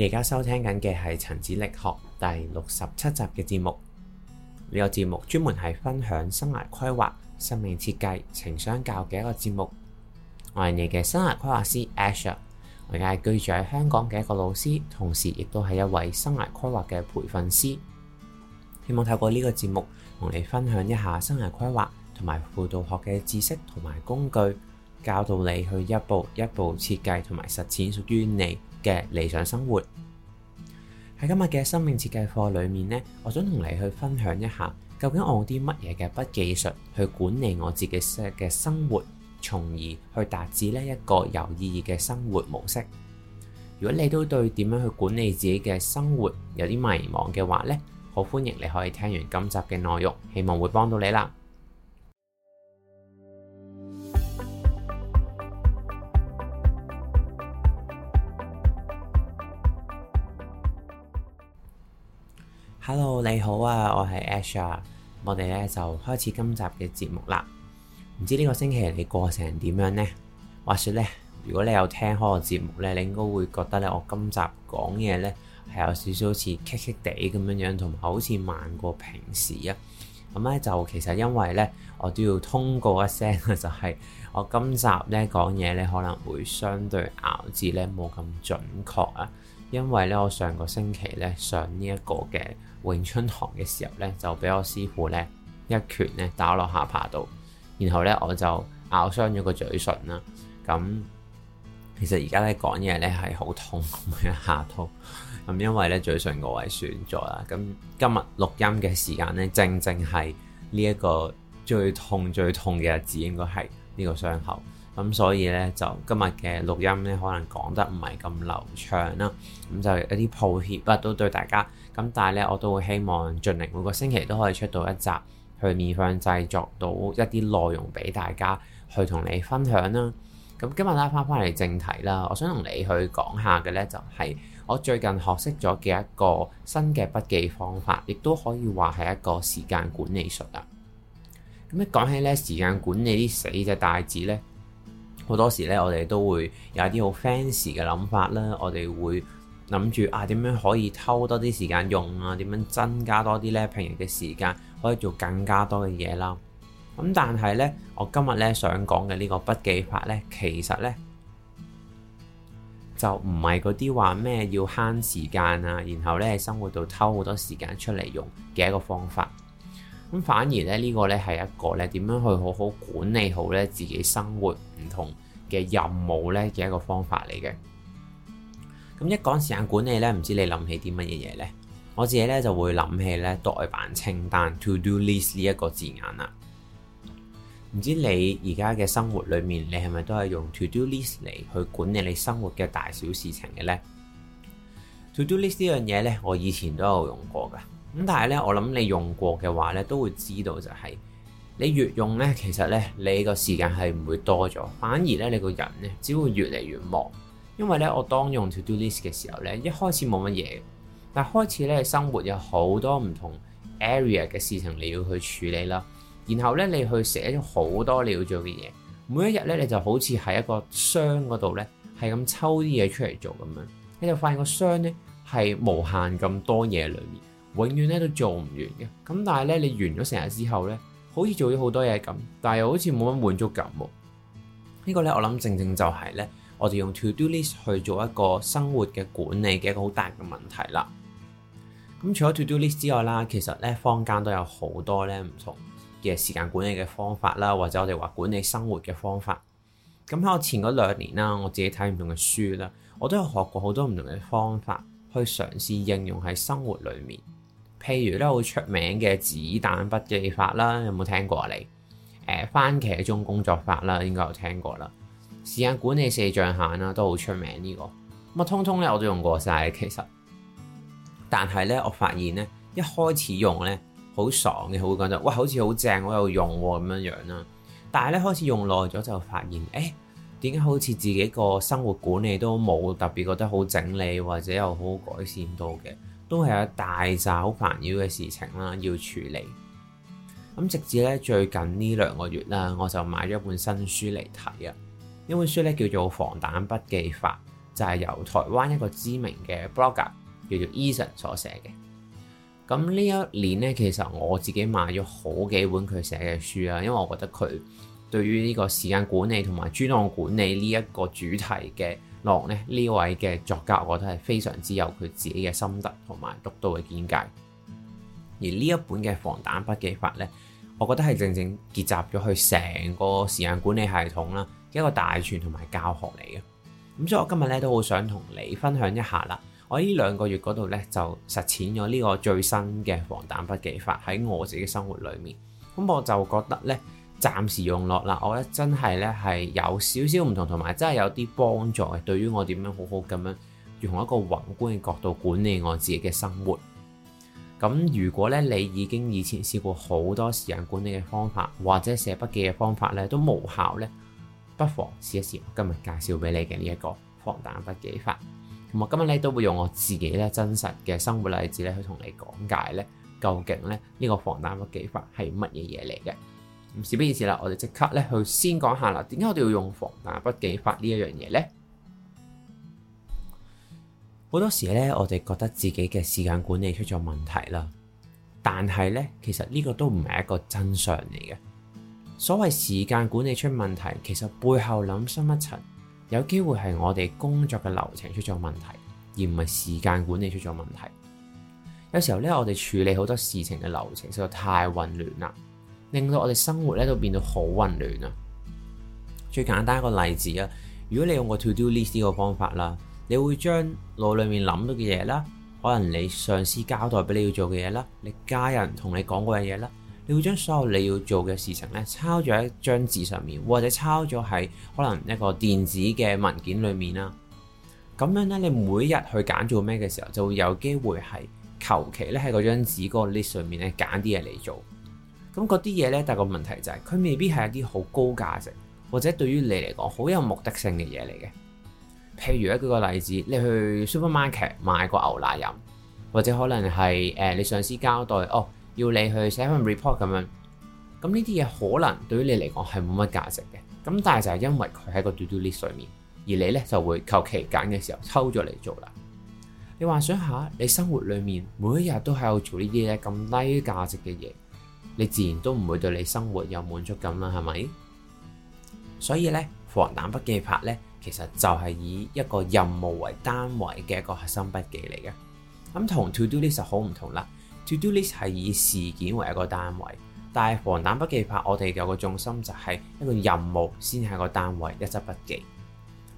你而家收聽緊嘅係《陳子力學》第六十七集嘅節目。呢個節目專門係分享生涯規劃、生命設計、情商教育嘅一個節目。我係你嘅生涯規劃師 Asher，我而家係居住喺香港嘅一個老師，同時亦都係一位生涯規劃嘅培訓師。希望透過呢個節目同你分享一下生涯規劃同埋輔導學嘅知識同埋工具，教導你去一步一步設計同埋實踐屬於你嘅理想生活。喺今日嘅生命設計課裏面呢，我想同你去分享一下，究竟我有啲乜嘢嘅筆技術去管理我自己嘅生活，從而去達至呢一個有意義嘅生活模式。如果你都對點樣去管理自己嘅生活有啲迷茫嘅話呢，好歡迎你可以聽完今集嘅內容，希望會幫到你啦。Hello，你好啊，我係 Asher，我哋咧就開始今集嘅節目啦。唔知呢個星期你過成點樣呢？話說呢，如果你有聽開個節目呢，你應該會覺得呢，我今集講嘢呢係有少少似棘棘地咁樣樣，同埋好似慢過平時啊。咁咧就其實因為咧，我都要通告一聲啊，就係我今集咧講嘢咧可能會相對咬字咧冇咁準確啊，因為咧我上個星期咧上呢一個嘅詠春堂嘅時候咧，就俾我師傅咧一拳咧打落下巴度，然後咧我就咬傷咗個嘴唇啦。咁其實而家咧講嘢咧係好痛咁樣下痛。咁因為咧嘴唇嗰位損咗啦，咁今日錄音嘅時間咧，正正係呢一個最痛最痛嘅日子，應該係呢個傷口。咁所以咧，就今日嘅錄音咧，可能講得唔係咁流暢啦。咁就一啲抱歉不都對大家。咁但係咧，我都會希望盡力每個星期都可以出到一集，去面向製作到一啲內容俾大家去同你分享啦。咁今日咧翻返嚟正題啦，我想同你去講下嘅咧就係、是。我最近學識咗嘅一個新嘅筆記方法，亦都可以話係一個時間管理術啊！咁一講起咧時間管理啲四隻大字咧，好多時咧我哋都會有一啲好 fancy 嘅諗法啦。我哋會諗住啊，點樣可以偷多啲時間用啊？點樣增加多啲咧平日嘅時間，可以做更加多嘅嘢啦。咁但係咧，我今日咧想講嘅呢個筆記法咧，其實咧～就唔係嗰啲話咩要慳時間啊，然後咧生活度偷好多時間出嚟用嘅一個方法。咁反而咧呢個咧係一個咧點樣去好好管理好咧自己生活唔同嘅任務咧嘅一個方法嚟嘅。咁一講時間管理咧，唔知你諗起啲乜嘢嘢咧？我自己咧就會諗起咧待辦清單 to do list 呢一個字眼啦。唔知你而家嘅生活裏面，你係咪都係用 To Do List 嚟去管理你生活嘅大小事情嘅呢？To Do List 呢樣嘢呢，我以前都有用過噶。咁但係呢，我諗你用過嘅話呢，都會知道就係你越用呢，其實呢，你個時間係唔會多咗，反而呢，你個人呢，只會越嚟越忙。因為呢，我當用 To Do List 嘅時候呢，一開始冇乜嘢，但開始呢，生活有好多唔同 area 嘅事情你要去處理啦。然後咧，你去寫咗好多你要做嘅嘢，每一日咧，你就好似喺一個箱嗰度咧，係咁抽啲嘢出嚟做咁樣，你就發現個箱咧係無限咁多嘢裏面，永遠咧都做唔完嘅。咁但係咧，你完咗成日之後咧，好似做咗好多嘢咁，但係又好似冇乜滿足感喎。這個、呢個咧，我諗正正就係咧，我哋用 to do list 去做一個生活嘅管理嘅一個好大嘅問題啦。咁、嗯、除咗 to do list 之外啦，其實咧坊間都有好多咧唔同。嘅時間管理嘅方法啦，或者我哋話管理生活嘅方法。咁喺我前嗰兩年啦，我自己睇唔同嘅書啦，我都有學過好多唔同嘅方法去嘗試應用喺生活裏面。譬如咧好出名嘅子彈筆記法啦，有冇聽過啊？你誒番茄鐘工作法啦，應該有聽過啦。時間管理四象限啦，都好出名呢個。咁通通咧我都用過晒。其實，但係咧，我發現咧，一開始用咧。好爽嘅，好會講就，哇，好似好正，我有用咁樣樣啦。但係咧開始用耐咗就發現，誒、欸，點解好似自己個生活管理都冇特別覺得好整理或者有好好改善到嘅，都係有一大紮好煩擾嘅事情啦，要處理。咁直至咧最近呢兩個月啦，我就買咗一本新書嚟睇啊，呢本書咧叫做《防彈筆記法》，就係、是、由台灣一個知名嘅 blogger 叫做 Esor 所寫嘅。咁呢一年呢，其實我自己買咗好幾本佢寫嘅書啊。因為我覺得佢對於呢個時間管理同埋專案管理呢一個主題嘅浪呢，呢位嘅作家，我覺得係非常之有佢自己嘅心得同埋獨到嘅見解。而呢一本嘅防彈筆記法呢，我覺得係正正結集咗佢成個時間管理系統啦，一個大全同埋教學嚟嘅。咁所以我今日呢，都好想同你分享一下啦。我呢兩個月嗰度咧，就實踐咗呢個最新嘅防彈筆記法喺我自己的生活裏面，咁我就覺得咧暫時用落喇，我咧真係咧係有少少唔同同埋真係有啲幫助嘅，對於我點樣好好咁樣用一個宏觀嘅角度管理我自己嘅生活。咁如果咧你已經以前試過好多時間管理嘅方法或者寫筆記嘅方法咧都無效咧，不妨試一試我今日介紹俾你嘅呢一個防彈筆記法。我今日咧都會用我自己咧真實嘅生活例子咧去同你講解咧，究竟咧呢個防彈筆記法係乜嘢嘢嚟嘅？咁事不宜遲啦，我哋即刻咧去先講下啦，點解我哋要用防彈筆記法呢一樣嘢咧？好多時咧，我哋覺得自己嘅時間管理出咗問題啦，但係咧，其實呢個都唔係一個真相嚟嘅。所謂時間管理出問題，其實背後諗深一層。有機會係我哋工作嘅流程出咗問題，而唔係時間管理出咗問題。有時候呢，我哋處理好多事情嘅流程實在太混亂啦，令到我哋生活呢都變到好混亂啦。最簡單一個例子啊，如果你用個 to do list 呢個方法啦，你會將腦裏面諗到嘅嘢啦，可能你上司交代畀你要做嘅嘢啦，你家人同你講嗰樣嘢啦。你要將所有你要做嘅事情咧抄咗喺一張紙上面，或者抄咗喺可能一個電子嘅文件裏面啦。咁樣咧，你每日去揀做咩嘅時候，就會有機會係求其咧喺嗰張紙嗰個 list 上面咧揀啲嘢嚟做。咁嗰啲嘢咧，大個問題就係、是，佢未必係一啲好高價值，或者對於你嚟講好有目的性嘅嘢嚟嘅。譬如咧舉個例子，你去 supermarket 買個牛奶飲，或者可能係誒、呃、你上司交代哦，要你去寫份 report 咁樣，咁呢啲嘢可能對於你嚟講係冇乜價值嘅，咁但係就係因為佢喺一個 to do list 上面，而你咧就會求其揀嘅時候抽咗嚟做啦。你幻想下，你生活裡面每一日都喺度做呢啲咁低價值嘅嘢，你自然都唔會對你生活有滿足感啦，係咪？所以呢，防彈筆記法呢，其實就係以一個任務為單位嘅一個核心筆記嚟嘅，咁同 to do list 就好唔同啦。To do list 係以事件為一個單位，但係防彈筆記法我哋有個重心就係一個任務先係個單位，一則筆記。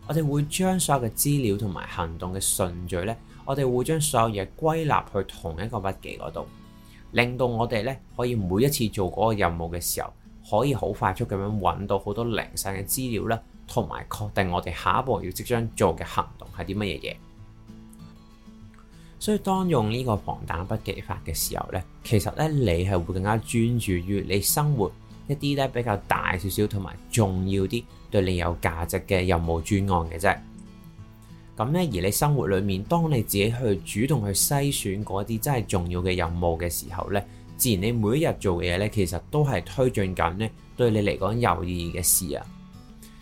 我哋會將所有嘅資料同埋行動嘅順序呢，我哋會將所有嘢歸納去同一個筆記嗰度，令到我哋呢可以每一次做嗰個任務嘅時候，可以好快速咁樣揾到好多零散嘅資料啦，同埋確定我哋下一步要即將做嘅行動係啲乜嘢嘢。所以，當用呢個防彈筆記法嘅時候呢，其實呢，你係會更加專注於你生活一啲呢比較大少少同埋重要啲對你有價值嘅任務專案嘅啫。咁呢，而你生活裏面，當你自己去主動去篩選嗰啲真係重要嘅任務嘅時候呢，自然你每一日做嘅嘢呢，其實都係推進緊呢對你嚟講有意義嘅事啊！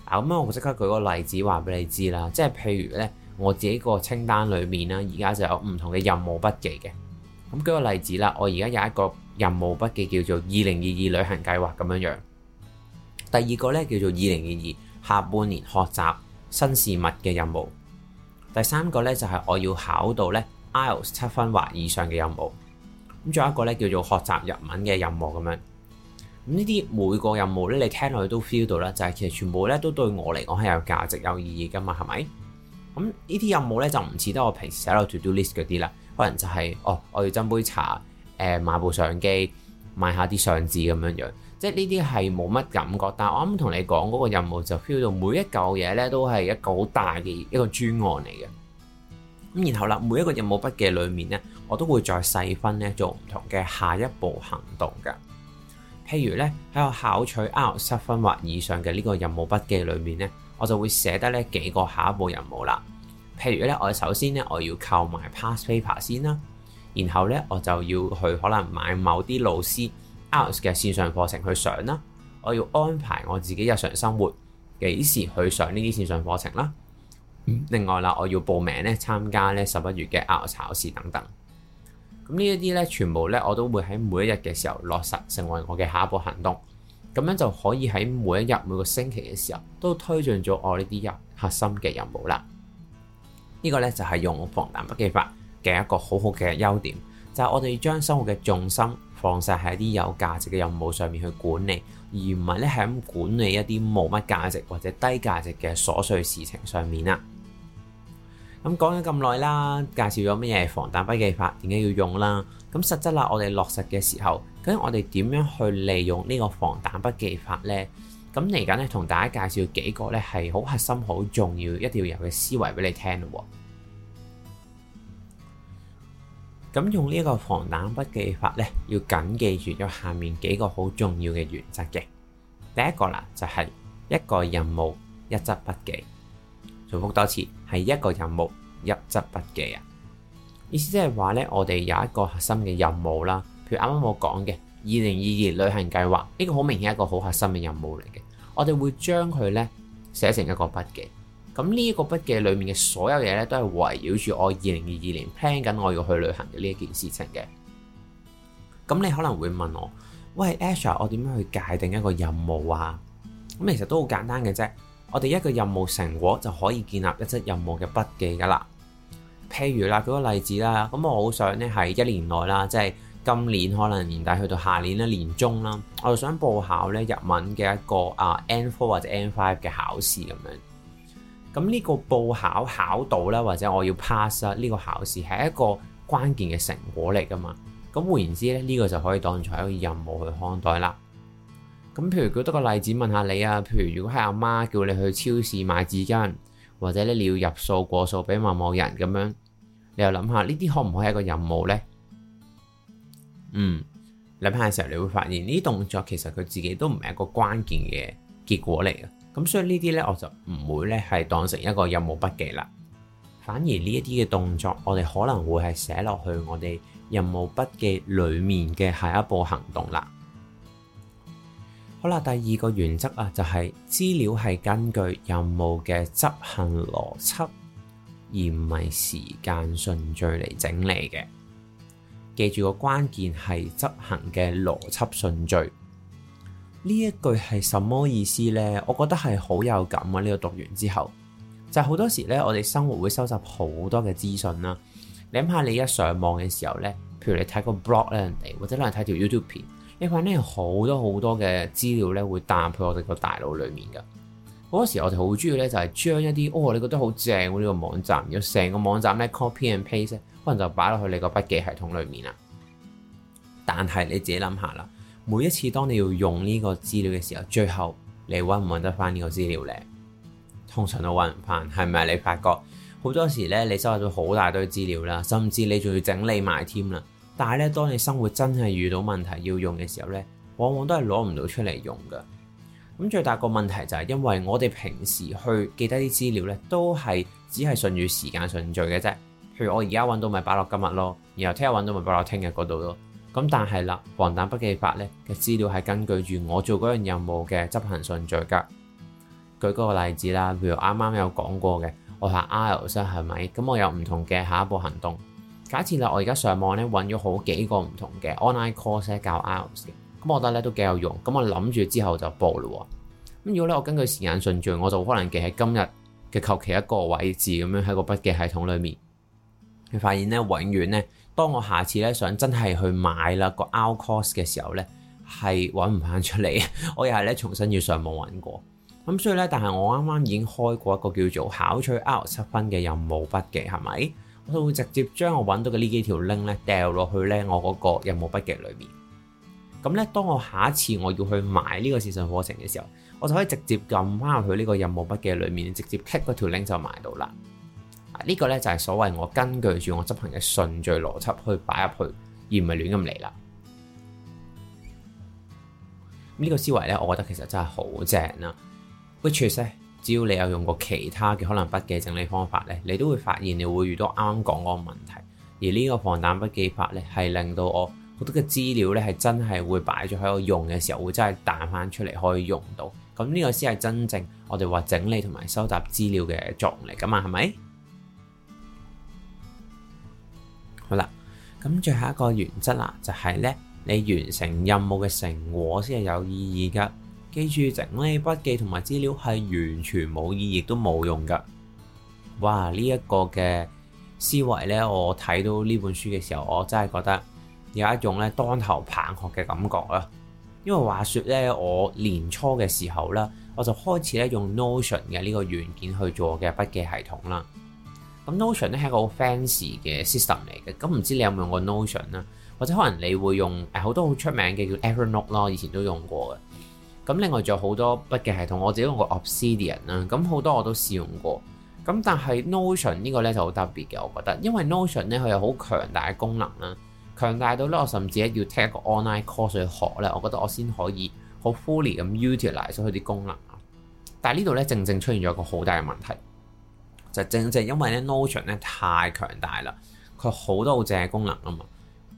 啊，咁啊，我即刻舉個例子話俾你知啦，即係譬如呢。我自己個清單裏面啦，而家就有唔同嘅任務筆記嘅。咁舉個例子啦，我而家有一個任務筆記叫做二零二二旅行計劃咁樣樣。第二個呢，叫做二零二二下半年學習新事物嘅任務。第三個呢，就係、是、我要考到呢 IELTS 七分或以上嘅任務。咁仲有一個呢，叫做學習日文嘅任務咁樣。咁呢啲每個任務呢，你聽落去都 feel 到啦，就係其實全部呢都對我嚟講係有價值、有意義噶嘛，係咪？咁呢啲任務咧就唔似得我平時喺度 to do list 嗰啲啦，可能就係、是、哦，我要斟杯茶，誒買部相機，買下啲相紙咁樣樣，即係呢啲係冇乜感覺。但係我啱啱同你講嗰個任務就 feel 到每一嚿嘢咧都係一個好大嘅一個專案嚟嘅。咁然後啦，每一個任務筆記裏面咧，我都會再細分咧做唔同嘅下一步行動㗎。譬如咧喺我考取 out seven 或以上嘅呢個任務筆記裏面咧。我就會寫得咧幾個下一步任務啦。譬如呢，我首先呢我要購買 past paper 先啦，然後呢，我就要去可能買某啲老師 outs 嘅線上課程去上啦。我要安排我自己日常生活幾時去上呢啲線上課程啦。另外啦，我要報名咧參加呢十一月嘅 outs 考試等等。咁呢一啲呢，全部呢，我都會喺每一日嘅時候落實成為我嘅下一步行動。咁樣就可以喺每一日、每個星期嘅時候，都推進咗我呢啲日核心嘅任務啦。呢個呢就係用防彈筆記法嘅一個好好嘅優點，就係我哋將生活嘅重心放晒喺啲有價值嘅任務上面去管理，而唔係咧係咁管理一啲冇乜價值或者低價值嘅瑣碎事情上面啦。咁講咗咁耐啦，介紹咗乜嘢防彈筆記法，點解要用啦？咁實質啦，我哋落實嘅時候。咁我哋點樣去利用呢個防彈筆記法咧？咁嚟緊咧，同大家介紹幾個咧，係好核心、好重要、一定要有嘅思維俾你聽咯。咁用呢個防彈筆記法咧，要緊記住有下面幾個好重要嘅原則嘅。第一個啦，就係一個任務一則筆記，重複多次係一個任務一則筆記啊。意思即係話咧，我哋有一個核心嘅任務啦。譬如啱啱我講嘅二零二二旅行計劃，呢個好明顯係一個好核心嘅任務嚟嘅。我哋會將佢呢寫成一個筆記。咁呢一個筆記裡面嘅所有嘢呢，都係圍繞住我二零二二年 plan 緊我要去旅行嘅呢一件事情嘅。咁你可能會問我，喂 Ash，我點樣去界定一個任務啊？咁其實都好簡單嘅啫。我哋一個任務成果就可以建立一則任務嘅筆記噶啦。譬如啦，舉個例子啦，咁我好想呢，係一年內啦，即係。今年可能年底去到下年啦，年中啦，我就想報考咧，日文嘅一個啊 N four 或者 N five 嘅考試咁樣。咁呢個報考考到啦，或者我要 pass 呢個考試，係一個關鍵嘅成果嚟噶嘛。咁換言之咧，呢個就可以當做一個任務去看待啦。咁譬如舉多個例子問下你啊，譬如如果係阿媽叫你去超市買紙巾，或者咧，你要入數過數俾某某人咁樣，你又諗下呢啲可唔可以係一個任務呢？嗯，諗下嘅時候，你會發現呢啲動作其實佢自己都唔係一個關鍵嘅結果嚟嘅，咁所以呢啲呢，我就唔會呢係當成一個任務筆記啦，反而呢一啲嘅動作，我哋可能會係寫落去我哋任務筆記裏面嘅下一步行動啦。好啦，第二個原則啊，就係資料係根據任務嘅執行邏輯，而唔係時間順序嚟整理嘅。記住個關鍵係執行嘅邏輯順序，呢一句係什麼意思呢？我覺得係好有感啊！呢個讀完之後，就好多時呢，我哋生活會收集好多嘅資訊啦。你諗下，你一上網嘅時候呢，譬如你睇個 blog 咧，人哋，或者可能睇條 YouTube 片，你話呢，好多好多嘅資料呢，會淡配我哋個大腦裏面噶。嗰時我就好中意咧，就係將一啲哦，你覺得好正呢個網站，有成個網站咧 copy and paste，可能就擺落去你個筆記系統裏面啦。但係你自己諗下啦，每一次當你要用呢個資料嘅時候，最後你揾唔揾得翻呢個資料呢？通常都揾唔翻，係咪？你發覺好多時呢，你收集咗好大堆資料啦，甚至你仲要整理埋添啦。但係呢，當你生活真係遇到問題要用嘅時候呢，往往都係攞唔到出嚟用噶。咁最大個問題就係，因為我哋平時去記得啲資料呢，都係只係順住時間順序嘅啫。譬如我而家揾到咪百樂今日咯，然後聽日揾到咪百樂聽日嗰度咯。咁但係啦，防彈筆記法呢嘅資料係根據住我做嗰樣任務嘅執行順序噶。舉嗰個例子啦，譬如啱啱有講過嘅，學下 iOS 係咪？咁我有唔同嘅下一步行動。假設啦，我而家上網呢，揾咗好幾個唔同嘅 online course 教 iOS。咁我覺得咧都幾有用，咁我諗住之後就播咯。咁如果咧我根據時間順序，我就可能記喺今日嘅求其一個位置咁樣，喺個筆記系統裏面，佢發現咧永遠咧，當我下次咧想真係去買啦個 out cost 嘅時候咧，係揾唔翻出嚟，我又係咧重新要上網揾過。咁所以咧，但係我啱啱已經開過一個叫做考取 out 七分嘅任務筆記，係咪？我就會直接將我揾到嘅呢幾條 link 咧掉落去咧我嗰個任務筆記裏面。咁咧，當我下一次我要去買呢個線上課程嘅時候，我就可以直接撳翻入去呢個任務筆記裏面，直接 click 嗰條 link 就買到啦。呢個呢，就係所謂我根據住我執行嘅順序邏輯去擺入去，而唔係亂咁嚟啦。呢個思維呢，我覺得其實真係好正呀。Which is 咧，只要你有用過其他嘅可能筆記整理方法呢，你都會發現你會遇到啱啱講嗰個問題，而呢個防彈筆記法呢，係令到我。好多嘅資料咧，係真係會擺咗喺度用嘅時候，會真係彈翻出嚟可以用到。咁呢個先係真正我哋話整理同埋收集資料嘅作用嚟噶嘛？係咪？好啦，咁最後一個原則啦，就係呢：你完成任務嘅成果先係有意義噶。記住，整理筆記同埋資料係完全冇意義都冇用噶。哇！呢一個嘅思維呢，我睇到呢本書嘅時候，我真係覺得。有一種咧當頭棒喝嘅感覺啦，因為話説咧，我年初嘅時候咧，我就開始咧用 Notion 嘅呢個軟件去做嘅筆記系統啦。咁 Notion 咧係一個好 fancy 嘅 system 嚟嘅。咁唔知道唔知你有冇用過 Notion 啦？或者可能你會用誒好多好出名嘅叫 Evernote 咯，以前都用過嘅。咁另外仲有好多筆記系統，我自己用過 Obsidian 啦。咁好多我都試用過。咁但係 Notion 呢個咧就好特別嘅，我覺得，因為 Notion 咧佢有好強大嘅功能啦。強大到咧，我甚至要聽一個 online course 去學咧。我覺得我先可以好 fully 咁 utilize 咗佢啲功能啊。但係呢度咧，正正出現咗一個好大嘅問題，就正正因為咧 Notion 咧太強大啦，佢好多好正嘅功能啊嘛。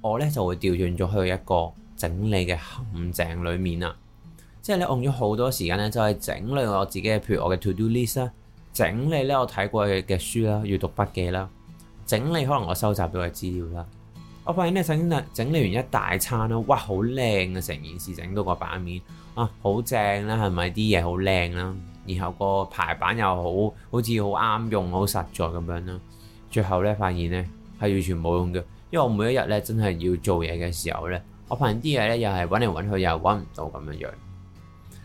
我咧就會調轉咗去一個整理嘅陷阱裏面啦，即係你用咗好多時間咧，就係整理我自己嘅，譬如我嘅 to do list 啦，整理咧我睇過嘅書啦，閲讀筆記啦，整理可能我收集到嘅資料啦。我發現咧整理整理完一大餐啦，哇好靚啊！成件事整到個版面啊，好正啦，係咪啲嘢好靚啦？然後個排版又好，好似好啱用，好實在咁樣啦。最後咧發現咧係完全冇用嘅，因為我每一日咧真係要做嘢嘅時候咧，我發現啲嘢咧又係搵嚟搵去又係搵唔到咁樣樣。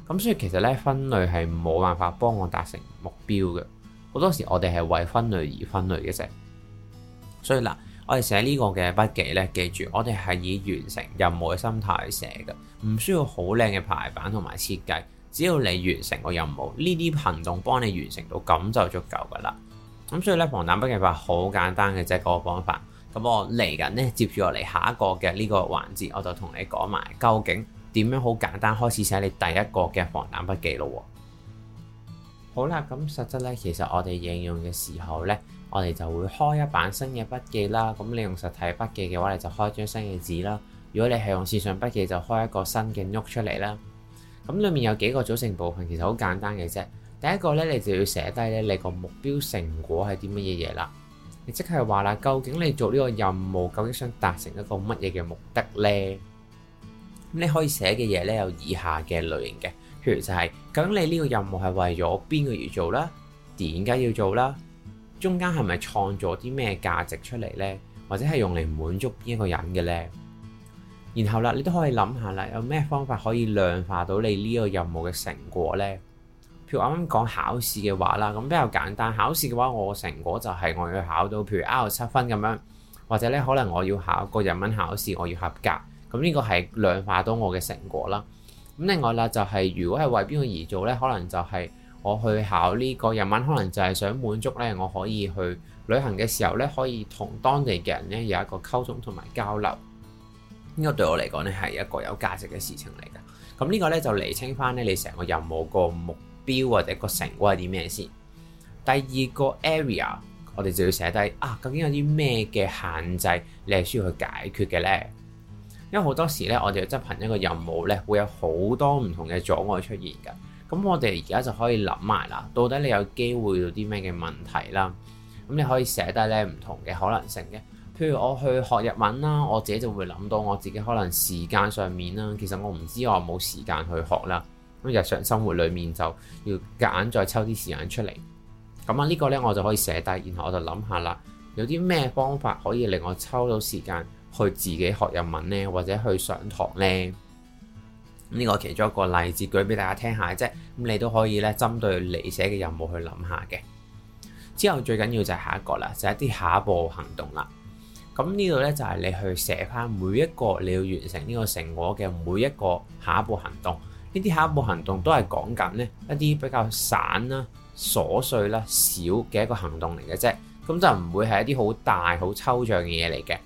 咁所以其實咧分類係冇辦法幫我達成目標嘅。好多時我哋係為分類而分類嘅啫。所以嗱。我哋寫呢個嘅筆記呢，記住我哋係以完成任務嘅心態去寫嘅，唔需要好靚嘅排版同埋設計，只要你完成個任務，呢啲行動幫你完成到咁就足夠噶啦。咁所以呢，防彈筆記法好簡單嘅啫，嗰個方法。咁我嚟緊呢接住落嚟下一個嘅呢個環節，我就同你講埋究竟點樣好簡單開始寫你第一個嘅防彈筆記咯。好啦，咁實質呢，其實我哋應用嘅時候呢，我哋就會開一版新嘅筆記啦。咁你用實體筆記嘅話，你就開張新嘅紙啦。如果你係用線上筆記，就開一個新嘅 note 出嚟啦。咁裡面有幾個組成部分，其實好簡單嘅啫。第一個呢，你就要寫低呢你個目標成果係啲乜嘢嘢啦。你即係話啦，究竟你做呢個任務，究竟想達成一個乜嘢嘅目的呢？咁你可以寫嘅嘢呢有以下嘅類型嘅。譬如就係、是、咁，究竟你呢個任務係為咗邊個而做啦？點解要做啦？中間係咪創造啲咩價值出嚟呢？或者係用嚟滿足邊一個人嘅呢？然後啦，你都可以諗下啦，有咩方法可以量化到你呢個任務嘅成果呢？譬如啱啱講考試嘅話啦，咁比較簡單。考試嘅話，我成果就係我要考到，譬如 R 七分咁樣，或者呢，可能我要考一個日文考試，我要合格。咁呢個係量化到我嘅成果啦。咁另外啦，就係如果係為邊個而做呢，可能就係我去考呢個日文，可能就係想滿足呢，我可以去旅行嘅時候呢，可以同當地嘅人呢有一個溝通同埋交流。呢個對我嚟講呢係一個有價值嘅事情嚟㗎。咁呢個呢，就釐清返呢你成個任務個目標或者個成果係啲咩先。第二個 area，我哋就要寫低啊，究竟有啲咩嘅限制你係需要去解決嘅呢？因為好多時咧，我哋要執行一個任務咧，會有好多唔同嘅阻礙出現嘅。咁我哋而家就可以諗埋啦，到底你有機會有啲咩嘅問題啦？咁你可以寫低咧唔同嘅可能性嘅，譬如我去學日文啦，我自己就會諗到我自己可能時間上面啦，其實我唔知我冇時間去學啦。咁日常生活裏面就要夾硬再抽啲時間出嚟。咁啊，呢個咧我就可以寫低，然後我就諗下啦，有啲咩方法可以令我抽到時間？去自己學日文呢，或者去上堂呢，呢、呢個其中一個例子舉俾大家聽下啫。咁你都可以針對你寫嘅任務去諗下嘅。之後最緊要就係下一個啦，就係、一啲下一步行動啦。咁呢度呢，就係你去寫翻每一個你要完成呢個成果嘅每一個下一步行動。呢啲下一步行動都係講緊呢一啲比較散啦、瑣碎啦、小嘅一個行動嚟嘅啫。咁就唔會係一啲好大好抽象嘅嘢嚟嘅。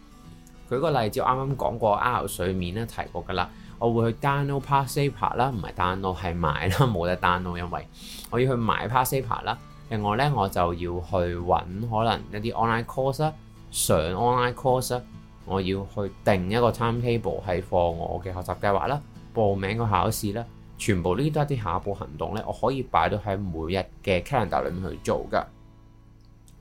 舉個例子，我啱啱講過 R 水面咧提過噶啦，我會去 download passpaper 啦，唔係 download 係買啦，冇得 download，因為我要去買 passpaper 啦。另外咧，我就要去揾可能一啲 online course 啦，上 online course 啦，我要去定一個 time table 係放我嘅學習計劃啦，報名個考試啦，全部呢都係一啲下一步行動咧，我可以擺到喺每日嘅 calendar 裏面去做噶。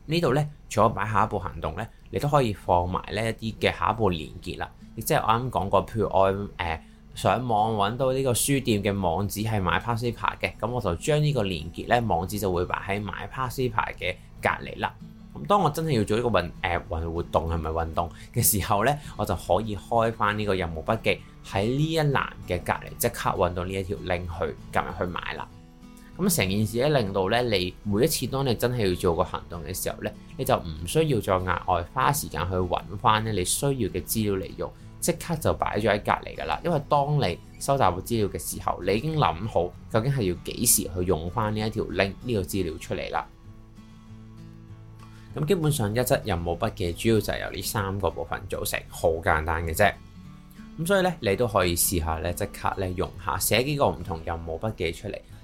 呢度咧，除咗擺下一步行動咧。你都可以放埋呢一啲嘅下一步連結啦，亦即係我啱講過，譬如我誒上網揾到呢個書店嘅網址係買 Passy 牌嘅，咁我就將呢個連結呢網址，就會擺喺買 Passy 牌嘅隔離啦。咁當我真係要做呢個運誒運活動係咪運動嘅時候呢，我就可以開翻呢個任務筆記喺呢一欄嘅隔離，即刻揾到呢一條拎去撳入去買啦。咁成件事咧，令到咧你每一次，當你真係要做個行動嘅時候咧，你就唔需要再額外花時間去揾翻咧你需要嘅資料嚟用即刻就擺咗喺隔籬噶啦。因為當你收集個資料嘅時候，你已經諗好究竟係要幾時去用翻呢一條 link 呢個資料出嚟啦。咁基本上，一則任務筆記主要就係由呢三個部分組成，好簡單嘅啫。咁所以咧，你都可以試下咧，即刻咧用下寫幾個唔同任務筆記出嚟。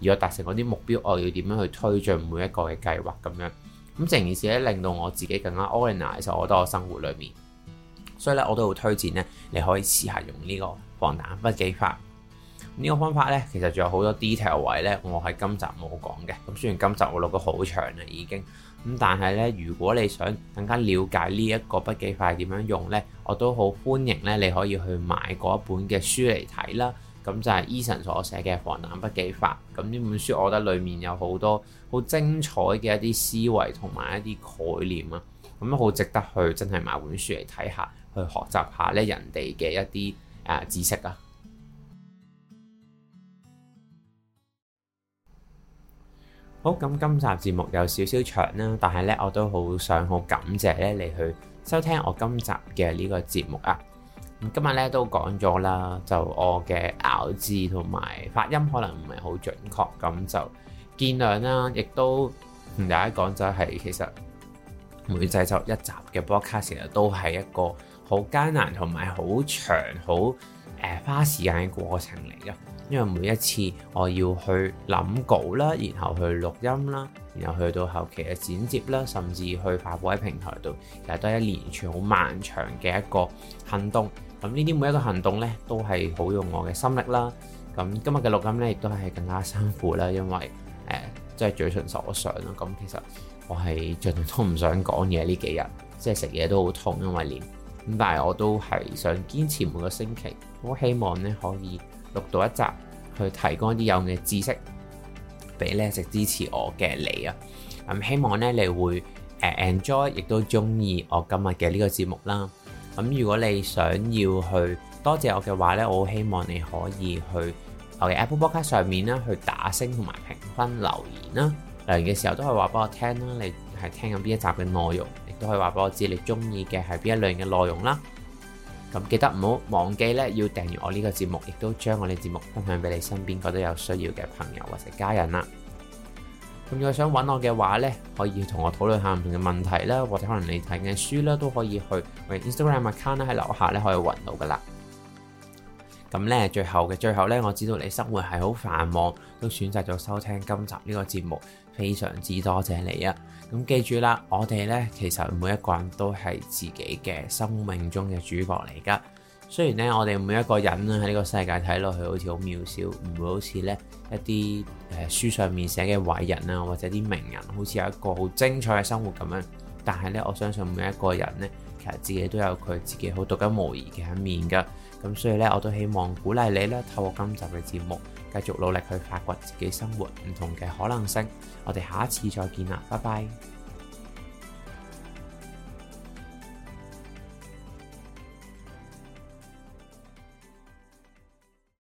如果達成嗰啲目標，我要點樣去推進每一個嘅計劃咁樣，咁成件事咧令到我自己更加 organize 我多個生活裏面，所以咧我都會推薦咧你可以試下用呢個防彈筆記法。呢個方法咧其實仲有好多 detail 位咧，我喺今集冇講嘅。咁雖然今集我錄得好長啦已經，咁但係咧如果你想更加了解呢一個筆記法點樣用咧，我都好歡迎咧你可以去買嗰一本嘅書嚟睇啦。咁就係 Esor 所寫嘅《防彈筆記法》。咁呢本書，我覺得裡面有好多好精彩嘅一啲思維同埋一啲概念啊，咁好值得去真係買本書嚟睇下，去學習下咧人哋嘅一啲誒知識啊。好，咁今集節目有少少長啦，但係咧我都好想好感謝咧你去收聽我今集嘅呢個節目啊。今日呢都講咗啦，就我嘅咬字同埋發音可能唔係好準確，咁就見諒啦。亦都同大家講就係，其實每製作一集嘅播客，其實都係一個好艱難同埋好長、好誒花時間嘅過程嚟嘅。因為每一次我要去諗稿啦，然後去錄音啦，然後去到後期嘅剪接啦，甚至去發布喺平台度，其實都係一連串好漫長嘅一個行動。咁呢啲每一個行動呢，都係好用我嘅心力啦。咁今日嘅錄音呢，亦都係更加辛苦啦，因為即係、呃、嘴唇受咗傷啦。咁其實我係盡都唔想講嘢呢幾日，即係食嘢都好痛，因為連咁，但係我都係想堅持每個星期，我希望呢可以錄到一集，去提供一啲有用嘅知識，俾呢一直支持我嘅你啊。咁希望呢，你會 enjoy，亦都中意我今日嘅呢個節目啦。咁如果你想要去多謝我嘅話咧，我好希望你可以去我嘅 Apple Podcast 上面啦，去打星同埋評分留言啦。留言嘅時候都可以話俾我聽啦，你係聽緊邊一集嘅內容，亦都可以話俾我知你中意嘅係邊一類嘅內容啦。咁記得唔好忘記咧，要訂閱我呢個節目，亦都將我哋節目分享俾你身邊覺得有需要嘅朋友或者家人啦。咁如果想揾我嘅話呢，可以同我討論下唔同嘅問題啦，或者可能你睇嘅書啦，都可以去我 Instagram account 呢，喺樓下呢，可以揾到噶啦。咁呢最後嘅最後呢，我知道你生活係好繁忙，都選擇咗收聽今集呢個節目，非常之多謝你啊！咁記住啦，我哋呢其實每一個人都係自己嘅生命中嘅主角嚟噶。雖然咧，我哋每一個人都喺呢個世界睇落去好似好渺小，唔會好似咧一啲誒書上面寫嘅偉人啊，或者啲名人，好似有一個好精彩嘅生活咁樣。但係咧，我相信每一個人都咧，其實自己都有佢自己好獨一無二嘅一面㗎。咁所以咧，我都希望鼓勵你咧，透過今集嘅節目，繼續努力去發掘自己生活唔同嘅可能性。我哋下一次再見啦！拜拜。